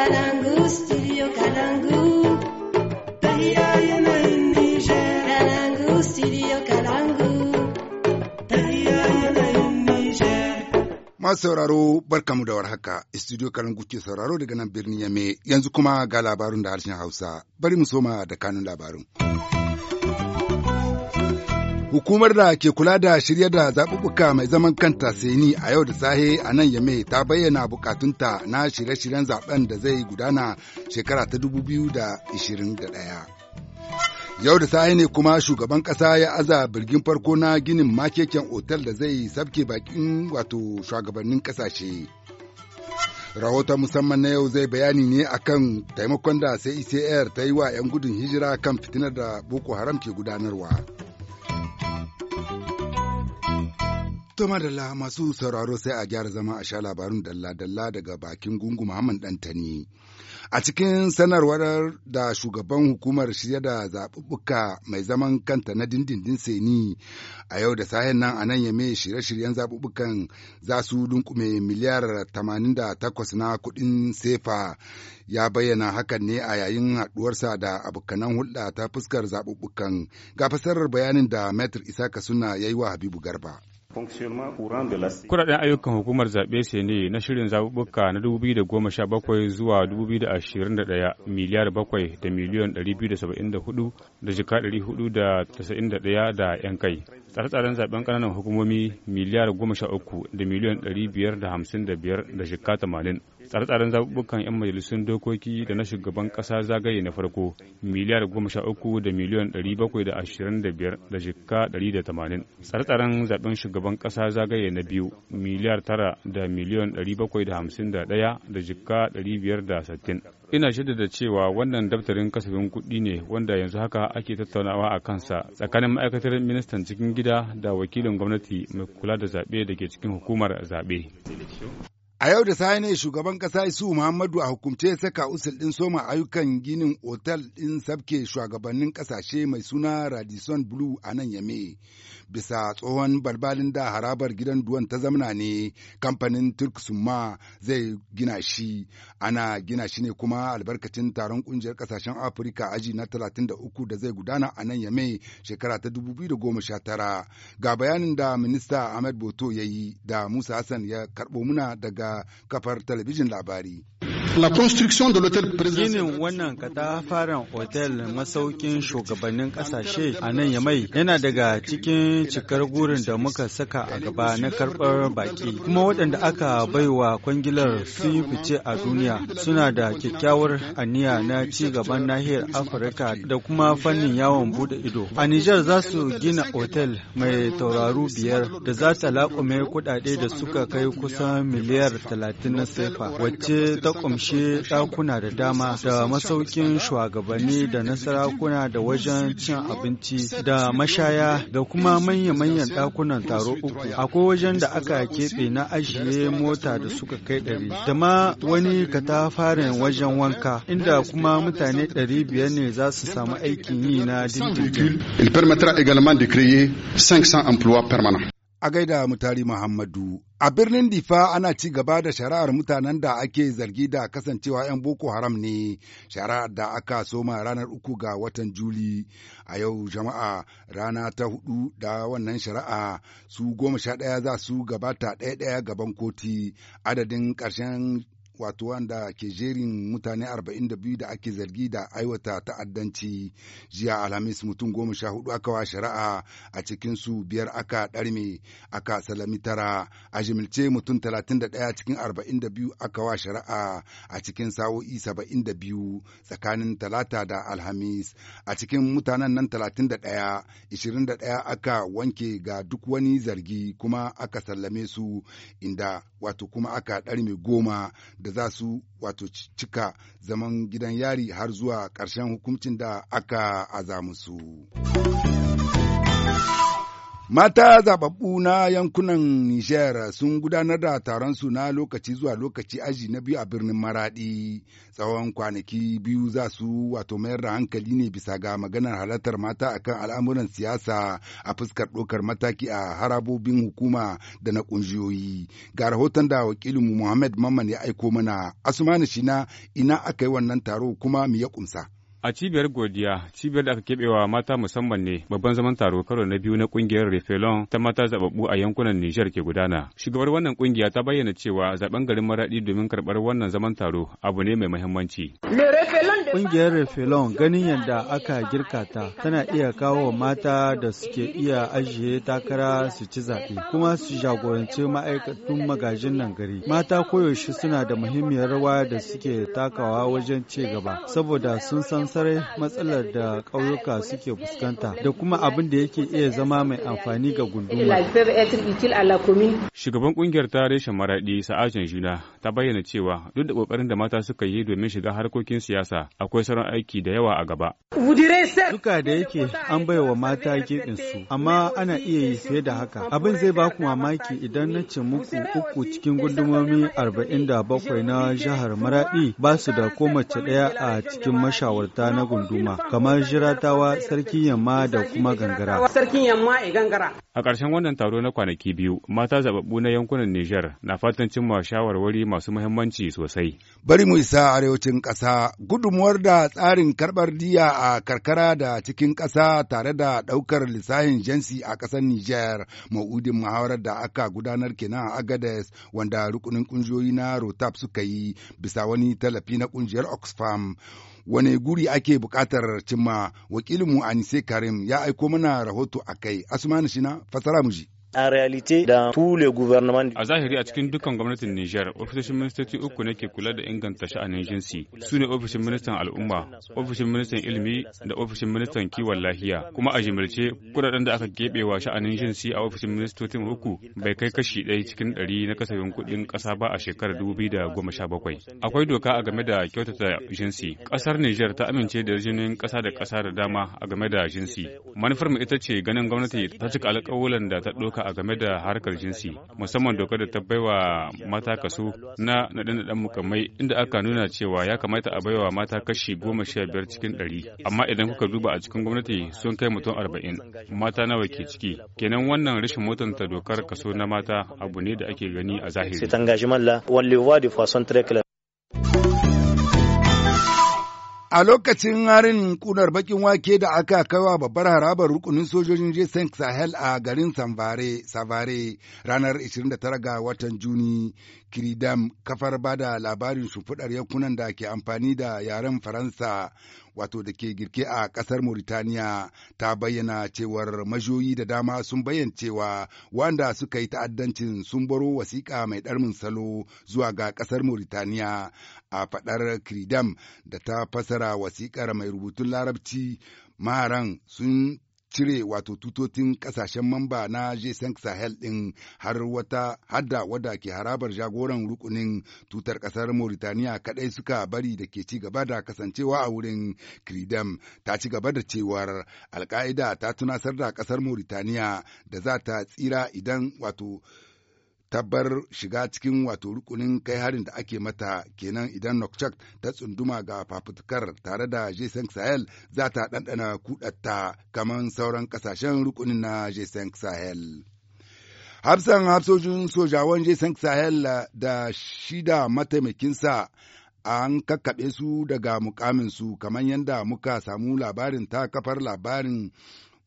Kalangu, studio Masu sauraro barkamu da warhaka, studio Kalangu ke sauraro daga nan birnin Yame, yanzu kuma ga labarin da harshen Hausa. Bari mu soma da kanun labarun. Hukumar da ke kula da shirya da zaɓuɓɓuka mai zaman kanta Seni a yau da sahe a nan Yame ta bayyana bukatunta na shirye-shiryen zaɓen da zai gudana shekara ta 2021. Yau da sahe ne kuma shugaban ƙasa ya aza birgin farko na ginin makeken otal da zai sabke bakin wato shugabannin ƙasashe. Rahoton musamman na yau zai bayani ne akan taimakon da CICR e ta yi wa 'yan gudun hijira kan fitinar da Boko Haram ke gudanarwa. To madalla masu sauraro sai a gyara zama a sha labarin dalla-dalla daga bakin gungu Muhammad Dantani. A cikin sanarwar da shugaban hukumar shirya da zaɓuɓɓuka mai zaman kanta na dindindin Seni a yau da sahen nan a nan yame shirye-shiryen zaɓuɓɓukan za su dunkume miliyar 88 na kuɗin sefa ya bayyana hakan ne a yayin haɗuwarsa da abokanan hulɗa ta fuskar zaɓuɓɓukan ga fasarar bayanin da Metr Isaka suna yi wa Habibu Garba. Kudaden ayyukan hukumar zaɓe sai ne na shirin zaɓuɓɓuka na 2017 zuwa 2021 miliyar 7 da miliyan 274 da jika 491 da 'yan kai. Tsare-tsaren zaɓen ƙananan hukumomi miliyar 13 da miliyan 555 da jika 80. tsare-tsaren zaɓuɓɓukan 'yan majalisun dokoki da na shugaban ƙasa zagaye na farko miliyar goma sha uku da miliyan ɗari da ashirin da tsare-tsaren zaɓen shugaban ƙasa zagaye na biyu miliyar tara da miliyan ɗari da hamsin da ɗaya da da ina shaidada cewa wannan daftarin kasafin kuɗi ne wanda yanzu haka ake tattaunawa a kansa tsakanin ma'aikatar ministan cikin gida da wakilin gwamnati mai kula da zaɓe da ke cikin hukumar zaɓe. A yau da Sani ne shugaban kasa Isu Muhammadu a hukumce saka usul ɗin soma ayyukan ginin otal ɗin sabke shugabannin ƙasashe mai suna Radisson Blue a nan Yame. Bisa tsohon balbalin da harabar gidan duwan ta zamana ne kamfanin Turk Summa zai gina shi. Ana gina shi ne kuma albarkacin taron ƙungiyar ƙasashen Afirka aji na 33 da zai gudana a nan Yame shekara ta 2019. Ga bayanin da Minista Ahmed Boto ya yi da Musa Hassan ya karɓo muna daga kafar talabijin labari. Ginin wannan katafaren otel masaukin shugabannin kasashe a nan Yamai yana daga cikin cikar gurin da muka saka a gaba na karɓar baƙi. Kuma waɗanda aka baiwa kwangilar sun yi fice a duniya suna da kyakkyawar aniya na ci gaban nahiyar Afirka da kuma fannin yawon bude ido. A Nijar za su gina otel mai tauraro biyar da za ta laƙume kuɗaɗe da suka kai kusan miliyar talatin na sefa wacce ta rushe ɗakuna da dama da masaukin shugabanni da na sarakuna da wajen cin abinci da mashaya da kuma manya-manyan ɗakunan taro uku. Akwai wajen da aka keɓe na ajiye mota da suka kai ɗari. Da ma wani katafaren wajen wanka inda kuma mutane ɗari biyar ne za su samu aikin yi na dindindin. 500 emplois permanents. a gaida mutari Muhammadu. A birnin Difa ana ci gaba da shari'ar mutanen da ake zargi da kasancewa 'yan Boko Haram ne, shari'ar da aka soma ranar uku ga watan Juli. A yau jama'a rana ta hudu da wannan shari'a su goma sha ɗaya za su gabata ɗaya ɗaya gaban koti adadin ƙarshen wato wanda ke jerin mutane 42 da ake zargi da aiwata ta'addanci jiya alhamis mutum goma sha hudu aka wa shari'a a cikinsu biyar aka ɗarme aka salami tara a jimilce mutum 31 cikin 42 aka wa shari'a a cikin sa'o'i 72 tsakanin talata da alhamis a cikin mutanen nan 31 21 aka wanke ga duk wani zargi kuma aka sallame su inda wato kuma aka ɗarme goma da da za su wato cika zaman gidan yari har zuwa ƙarshen hukuncin da aka aza musu. Mata zababbu na yankunan Nijar sun gudanar da taron su na lokaci zuwa lokaci aji na biyu a birnin Maraɗi, Tsawon kwanaki biyu za su wato mayar da hankali ne bisa ga maganar halartar mata akan al'amuran siyasa a fuskar ɗaukar mataki a harabobin hukuma da na ƙungiyoyi. Ga rahoton da wakilinmu Muhammad Mamman ya aiko mana, Asumani Shina ina aka yi wannan taro kuma mu ya ƙumsa. A cibiyar godiya, cibiyar da aka keɓewa mata musamman ne babban zaman taro karo na biyu na ƙungiyar Refelon ta mata zababbu a yankunan Nijar ke gudana. Shugabar wannan ƙungiya ta bayyana cewa zaben garin Maraɗi domin karɓar wannan zaman taro abu ne mai muhimmanci. Le Refelon Ƙungiyar refelon ganin yadda aka girka ta tana iya kawo mata da suke iya ajiye takara su ci zaɓe kuma su jagoranci ma'aikatun magajin nan gari. Mata koyaushe suna da muhimmiyar rawa da suke takawa wajen ci gaba saboda sun san sarai matsalar da ƙauyuka suke fuskanta da kuma abin da yake iya zama mai amfani ga gunduma. Shugaban ƙungiyar ta reshen maraɗi sa'ajin juna ta bayyana cewa duk da ƙoƙarin da mata suka yi domin shiga harkokin siyasa akwai sauran aiki da yawa a gaba. Duka da yake an baiwa mata su amma ana iya yi fiye da haka. Abin zai ba ku mamaki idan na ce muku uku cikin arba'in da bakwai na jihar Maradi ba su da ko mace ɗaya a cikin mashawarta na gunduma, kamar jiratawa sarki, yamma da kuma gangara. A ƙarshen wannan taro na kwanaki biyu, mata zababbu na yankunan Nijar na fatan cimma shawarwari masu muhimmanci sosai. Bari mu isa arewacin ƙasa gudunmuwar samar da tsarin karɓar diya a karkara da cikin ƙasa tare da ɗaukar lissahin jinsi a ƙasar Nijar, ma'udin muhawarar da aka gudanar kenan a Agades wanda rukunin ƙungiyoyi na Rotap suka yi bisa wani tallafi na ƙungiyar Oxfam. Wane guri ake buƙatar cimma wakilinmu Anise Karim ya aiko mana rahoto a kai, Asmanu Shina, fasara mu ji. A a zahiri a cikin dukkan gwamnatin niger ofishin ministoci uku ne ke kula da inganta sha'anin jinsi. Su ne ofishin ministan al'umma, ofishin ministan ilimi da ofishin ministan kiwon lafiya. Kuma a jimirce, kudaden da aka keɓe wa sha'anin jinsi a ofishin ministocin uku bai kai kashi ɗaya cikin ɗari na kasafin kuɗin ƙasa ba a shekarar dubu biyu da goma sha bakwai. Akwai doka a game da kyautata jinsi. Ƙasar niger ta amince da jinin ƙasa da ƙasa da dama a game da jinsi. Manufar mu ita ce ganin gwamnati ta cika alƙawulan da ta ɗauka a game da harkar jinsi musamman dokar da ta baiwa mata kaso na naɗin naɗen mukamai inda aka nuna cewa ya kamata a baiwa mata kashi goma sha biyar cikin ɗari amma idan kuka duba a cikin gwamnati sun kai mutum arba'in mata nawa ke ciki kenan wannan rashin mutunta dokar kaso na mata abu ne da ake gani a zahiri. A lokacin harin kunar bakin wake da aka kaiwa babbar harabar rukunin sojojin Jason Sahel a garin Savare ranar 29 ga watan Juni, Kiridam kafar bada labarin shimfiɗar yankunan da ke amfani da yaren Faransa wato da ke girke a ƙasar Mauritaniya ta bayyana cewar majoyi da dama sun bayyana cewa wanda suka yi ta'addancin sun baro wasiƙa mai ɗarmin salo zuwa ga ƙasar Mauritaniya a faɗar Kiridam da ta fasara wasiƙar mai rubutun Larabci maharan sun cire wato tutotin kasashen mamba na G5 Sahel ɗin har wata hadda wada ke harabar jagoran rukunin tutar ƙasar Mauritaniya kaɗai suka bari da ke cigaba da kasancewa a wurin Kridam ta ci gaba da cewar Alka'ida ta tunasar da ƙasar Mauritaniya da za ta tsira idan wato tabbar shiga cikin wato rukunin kai harin da ake mata kenan idan Nokchak ta tsunduma ga fafutukar tare da Jason Sahel za ta ɗanɗana kudatta kamar sauran ƙasashen rukunin na Jason Sahel. Hafsan hafsojin sojawan Jason Sahel da shida mataimakinsa an kakkaɓe su daga mukamin su kamar yadda muka samu labarin ta kafar labarin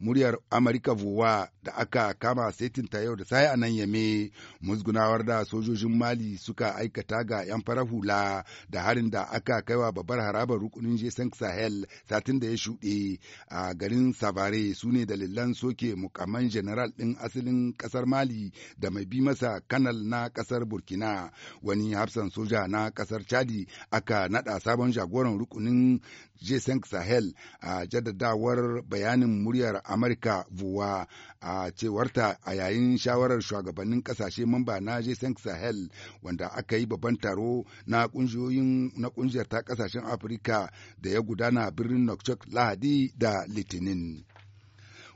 muryar Amurka Vowa da aka kama ta yau da sai a nan yame musgunawar da sojojin Mali suka aikata ga 'yan farar hula da harin da aka kaiwa babbar harabar rukunin Jason Sahel satin da ya shuɗe a garin Savare su ne dalilan soke mukamman general ɗin asalin ƙasar Mali da mai bi masa kanal na ƙasar Burkina wani hafsan soja na ƙasar Chadi aka naɗa sabon jagoran rukunin Jason Sahel a jaddadawar bayanin muryar Amurka Buwa a cewarta a yayin shawarar shugabannin kasashe mamba na g Sahel wanda aka yi babban taro na kungiyoyin na kungiyar ta kasashen Afirka da ya gudana birnin Nokchok Lahadi da Litinin.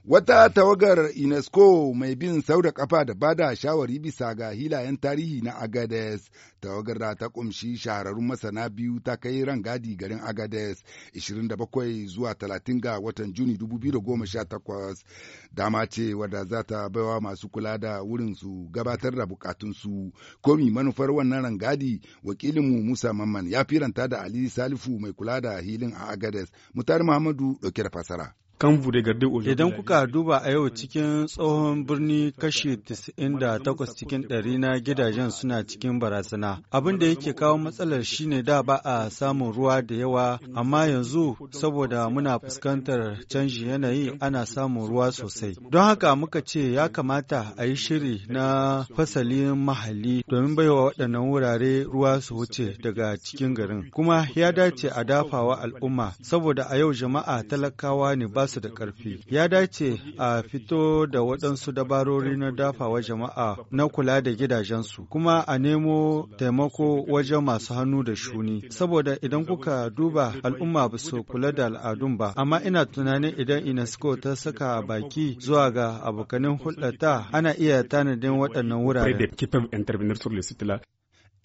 Wata tawagar UNESCO mai bin sau da kafa da bada shawari bisa ga hilayen tarihi na Agades, tawagar da ta kumshi shahararrun masana biyu ta kai rangadi garin Agades 27 zuwa 30 ga watan Juni 2018. Dama ce wadda za ta baiwa masu kula da wurin su gabatar da bukatunsu. Komi manufar wannan rangadi wakilinmu Musa Mamman ya firanta da Ali Salifu mai kula da hilin a Agades, Mutari Muhammadu ɗauke da fasara. Idan kuka duba a yau cikin tsohon birni kashi 98 cikin ɗari na gidajen suna cikin barazana. Abin da yake kawo matsalar shine da ba a samun ruwa da yawa, amma yanzu saboda muna fuskantar canji yanayi ana samun ruwa sosai. Don haka muka ce ya kamata a yi shiri na fasalin mahalli domin baiwa waɗannan wurare ruwa su wuce daga cikin garin. Kuma ya dace a dafawa al'umma saboda a yau jama'a talakawa ne ba su da ƙarfi. Ya dace a fito da waɗansu dabarori na dafawa jama'a na kula da gidajensu, kuma a nemo taimako wajen masu hannu da shuni. Saboda idan kuka duba al'umma ba su kula da al'adun ba, amma ina tunanin idan UNESCO ta saka baki zuwa ga abokanin hulɗata ana iya tanadin waɗannan wuraren.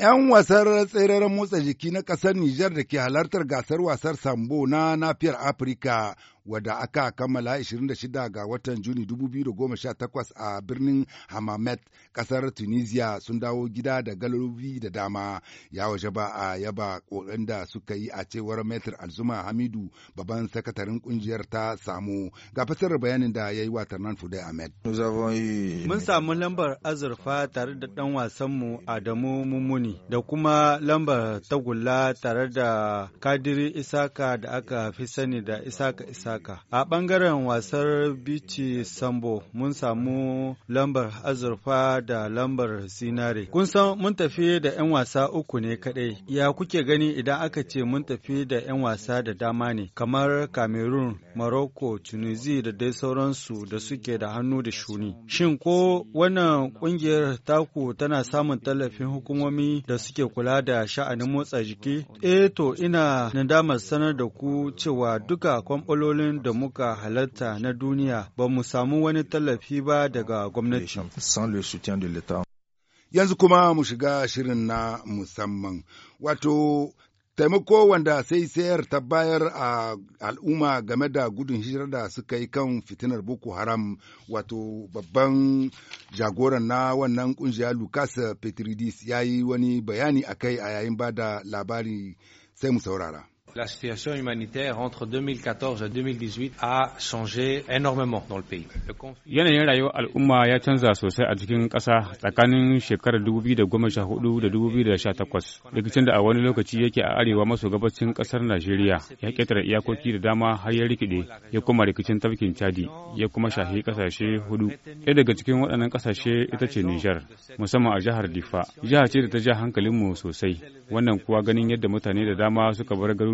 'Yan wasar tseren motsa jiki na ƙasar Nijar da ke halartar gasar wasar Sambo na nafiyar Afirka wadda aka kammala 26 ga watan Juni 2018 a birnin Hamamet kasar Tunisia sun dawo gida da galobi da dama ya waje ba a yaba kokarin da suka yi a cewar Metr Alzuma Hamidu babban sakatarin ƙungiyar ta samu ga fasarar bayanin da ya yi wa Tarnan Fudai Ahmed. Mun samu lambar azurfa tare da dan wasanmu Adamu Mummuni da kuma lambar tagulla tare da Kadiri Isaka da aka fi sani da Isaka Isaka saka. A ɓangaren wasar Bici Sambo mun samu lambar azurfa da lambar zinare. Kun san mun tafi da 'yan wasa uku ne kaɗai. Ya kuke gani idan aka ce mun tafi da 'yan wasa da dama ne kamar Cameroon, Morocco, Tunisia da dai sauransu da suke da hannu da shuni. Shin ko wannan ƙungiyar taku tana samun tallafin hukumomi da suke kula da sha'anin motsa jiki? Eh to ina nadamar sanar da ku cewa duka kwamfalolin halin da muka halarta na duniya ba mu samu wani tallafi ba daga gwamnati. Yanzu kuma mu shiga shirin na musamman, wato taimako wanda sai sayar ta bayar a al'umma game da gudun hijira da suka yi kan fitinar boko haram wato babban jagoran na wannan kungiya lucas petridis ya yi wani bayani a kai a yayin ba da labari sai mu saurara La situation humanitaire entre 2014 et 2018 a changé énormément dans le pays.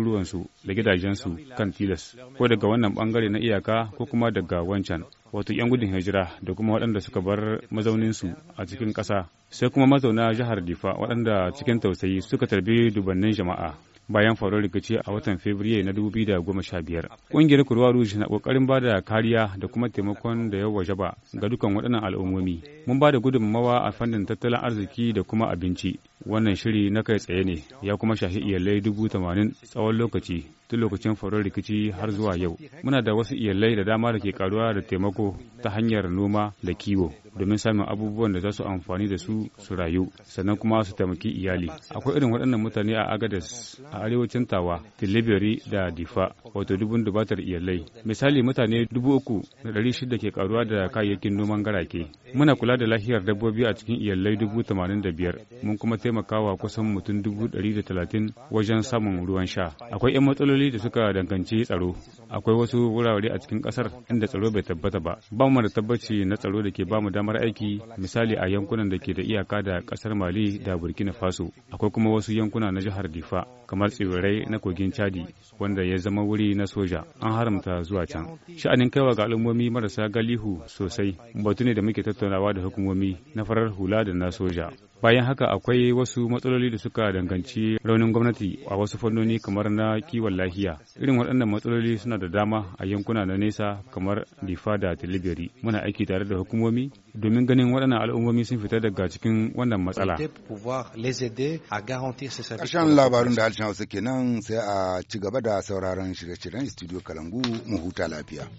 garuruwansu da gidajensu kan tilas ko daga wannan bangare na iyaka ko kuma daga wancan wato 'yan gudun hijira da kuma waɗanda suka bar mazauninsu a cikin ƙasa sai kuma mazauna jihar difa waɗanda cikin tausayi suka tarbi dubannin jama'a bayan faruwar rikici a watan Fabrairu na dubu goma sha biyar Ƙungiyar Kurwa ruji na ƙoƙarin ba da kariya da kuma taimakon da ya waje ga dukkan waɗannan al'ummomi. Mun ba da gudunmawa a fannin tattalin arziki da kuma abinci wannan shiri na kai tsaye ne ya kuma shafi iyalai dubu tamanin tsawon lokaci tun lokacin faruwar rikici har zuwa yau muna da wasu iyalai da dama da ke karuwa da taimako ta hanyar noma da kiwo domin samun abubuwan da za su amfani da su su rayu sannan kuma su taimaki iyali akwai irin waɗannan mutane a agadas a arewacin tawa tilibiri da difa wato dubun dubatar iyalai misali mutane dubu uku da ɗari shida ke karuwa da kayayyakin noman garake muna kula da lafiyar dabbobi a cikin iyalai dubu tamanin da biyar mun kuma taimakawa kusan mutum dubu ɗari da talatin wajen samun ruwan sha. Akwai 'yan matsaloli da suka danganci tsaro. Akwai wasu wurare a cikin ƙasar inda tsaro bai tabbata ba. Ba mu da tabbaci na tsaro da ke ba mu damar aiki misali a yankunan da ke da iyaka da ƙasar Mali da Burkina Faso. Akwai kuma wasu yankuna na jihar Difa kamar tsibirai na kogin Chadi wanda ya zama wuri na soja an haramta zuwa can. Sha'anin kaiwa ga al'ummomi marasa galihu sosai batu ne da muke tattaunawa da hukumomi na farar hula da na soja. bayan haka akwai wasu matsaloli da suka danganci raunin gwamnati a wasu fannoni kamar na kiwon lafiya irin waɗannan matsaloli suna da dama a yankuna na nesa kamar difa da tilibiri muna aiki tare da hukumomi domin ganin waɗannan al'ummomi sun fita daga cikin wannan matsala ƙarshen labarin da harshen hausa kenan sai a ci gaba da sauraron shirye-shiryen studio kalangu mu huta lafiya